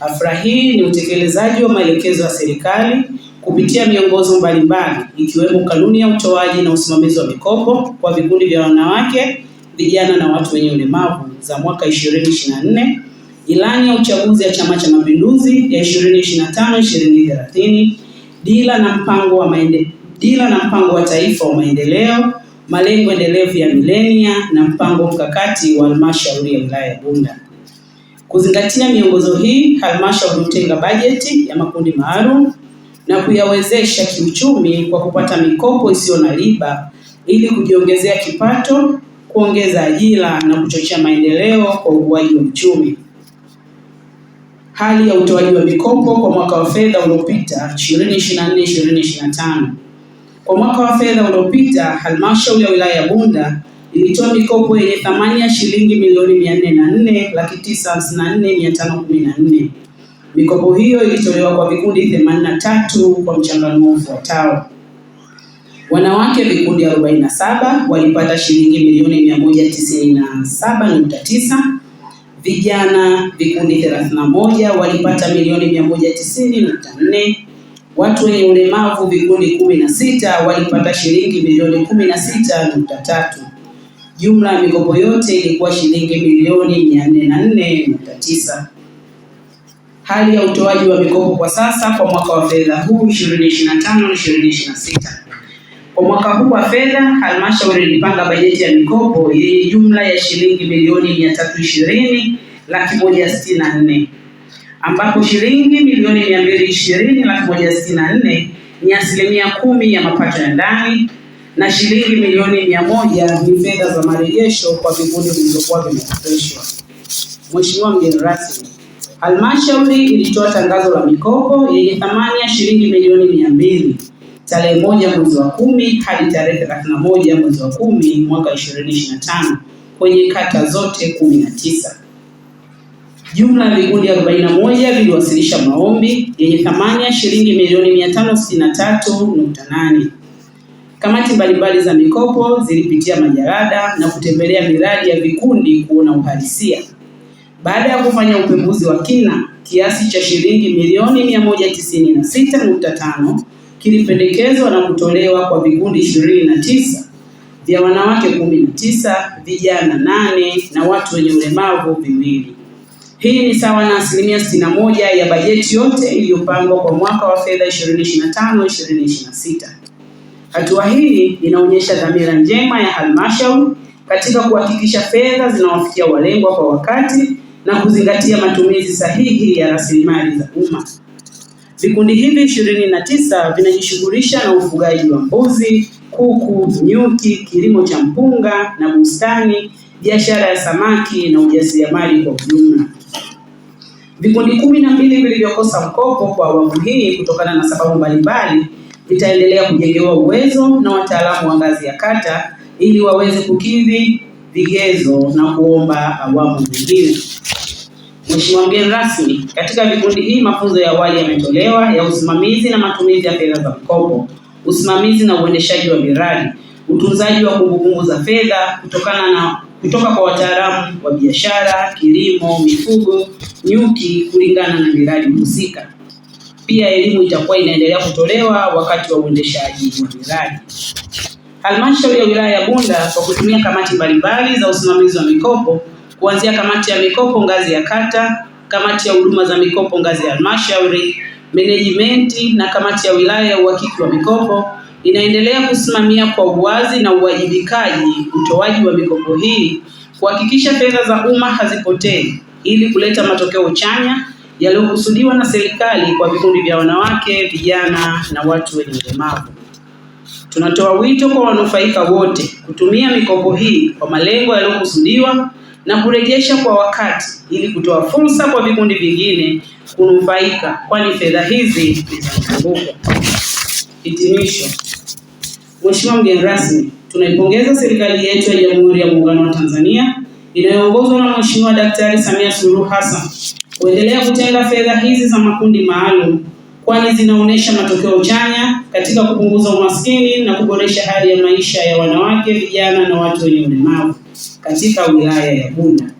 Hafla hii ni utekelezaji wa maelekezo ya serikali kupitia miongozo mbalimbali ikiwemo kanuni ya utoaji na usimamizi wa mikopo kwa vikundi vya wanawake, vijana na watu wenye ulemavu za mwaka 2024, ilani ya uchaguzi ya Chama cha Mapinduzi ya 2025 2030, dira na mpango wa maende, dira na mpango wa taifa wa maendeleo, malengo endelevu ya milenia na mpango mkakati wa halmashauri ya wilaya ya Bunda. Kuzingatia miongozo hii, halmashauri hutenga bajeti ya makundi maalum na kuyawezesha kiuchumi kwa kupata mikopo isiyo na riba ili kujiongezea kipato, kuongeza ajira na kuchochea maendeleo kwa ukuaji wa uchumi. Hali ya utoaji wa mikopo kwa mwaka wa fedha uliopita 2024/2025. Kwa mwaka wa fedha uliopita halmashauri ya wilaya ya Bunda ilitoa mikopo yenye thamani ya shilingi milioni mia nne na nne laki tisa hamsini na nne mia tano kumi na nne. Mikopo hiyo ilitolewa kwa vikundi 83 kwa mchanganuo ufuatao: wanawake vikundi 47 walipata shilingi milioni 197.9, vijana vikundi 31 walipata milioni 190.4, watu wenye ulemavu vikundi 16 walipata shilingi milioni 16.3 Jumla ya mikopo yote ilikuwa shilingi milioni 449 Hali ya utoaji wa mikopo kwa sasa kwa mwaka wa fedha huu 2025 2026. Kwa mwaka huu wa fedha, halmashauri ilipanga bajeti ya mikopo yenye jumla ya shilingi milioni 320 laki moja sitini na nne ambapo shilingi milioni 220 laki moja sitini na nne ni asilimia kumi ya mapato ya ndani na shilingi milioni mia moja ni fedha za marejesho kwa vikundi vilivyokuwa vimekopeshwa. Mheshimiwa mgeni rasmi, halmashauri ilitoa tangazo la mikopo yenye thamani ya shilingi milioni mia mbili tarehe moja mwezi wa kumi hadi tarehe 31 mwezi wa kumi mwaka 2025 kwenye kata zote 19. Jumla ya vikundi 41 viliwasilisha maombi yenye thamani ya shilingi milioni 563.8 Kamati mbalimbali za mikopo zilipitia majalada na kutembelea miradi ya vikundi kuona uhalisia. Baada ya kufanya upembuzi wa kina, kiasi cha shilingi milioni 196.5 kilipendekezwa na kutolewa kwa vikundi 29 vya wanawake 19, vijana 8 na watu wenye ulemavu viwili. Hii ni sawa na asilimia 61 ya bajeti yote iliyopangwa kwa mwaka wa fedha 2025-2026. Hatua hii inaonyesha dhamira njema ya halmashauri katika kuhakikisha fedha zinawafikia walengwa kwa wakati na kuzingatia matumizi sahihi ya rasilimali za umma. Vikundi hivi ishirini na tisa vinajishughulisha na ufugaji wa mbuzi, kuku, nyuki, kilimo cha mpunga na bustani, biashara ya samaki na ujasiriamali kwa ujumla. Vikundi kumi na mbili vilivyokosa mkopo kwa awamu hii kutokana na sababu mbalimbali itaendelea kujengewa uwezo na wataalamu wa ngazi ya kata ili waweze kukidhi vigezo na kuomba awamu nyingine. Mheshimiwa mgeni rasmi, katika vikundi hii mafunzo ya awali yametolewa ya usimamizi na matumizi ya fedha za mkopo, usimamizi na uendeshaji wa miradi, utunzaji wa kumbukumbu za fedha kutokana na kutoka kwa wataalamu wa biashara, kilimo, mifugo, nyuki kulingana na miradi husika. Pia elimu itakuwa inaendelea kutolewa wakati wa uendeshaji wa miradi. Halmashauri ya wilaya ya Bunda kwa kutumia kamati mbalimbali za usimamizi wa mikopo kuanzia kamati ya mikopo ngazi ya kata, kamati ya huduma za mikopo ngazi ya halmashauri, management na kamati ya wilaya ya uhakiki wa mikopo inaendelea kusimamia kwa uwazi na uwajibikaji utoaji wa mikopo hii, kuhakikisha fedha za umma hazipotei ili kuleta matokeo chanya yaliyokusudiwa na serikali kwa vikundi vya wanawake, vijana na watu wenye ulemavu. Tunatoa wito kwa wanufaika wote kutumia mikopo hii kwa malengo yaliyokusudiwa na kurejesha kwa wakati ili kutoa fursa kwa vikundi vingine kunufaika, kwani fedha hizi ni Hitimisho. Mheshimiwa mgeni rasmi, tunaipongeza serikali yetu ya Jamhuri ya Muungano wa Tanzania inayoongozwa na Mheshimiwa Daktari Samia Suluhu Hassan kuendelea kutenga fedha hizi za makundi maalum, kwani zinaonyesha matokeo chanya katika kupunguza umaskini na kuboresha hali ya maisha ya wanawake, vijana na watu wenye ulemavu katika wilaya ya Bunda.